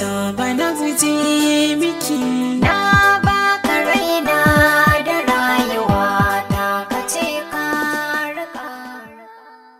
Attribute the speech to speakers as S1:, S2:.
S1: ta ba na guje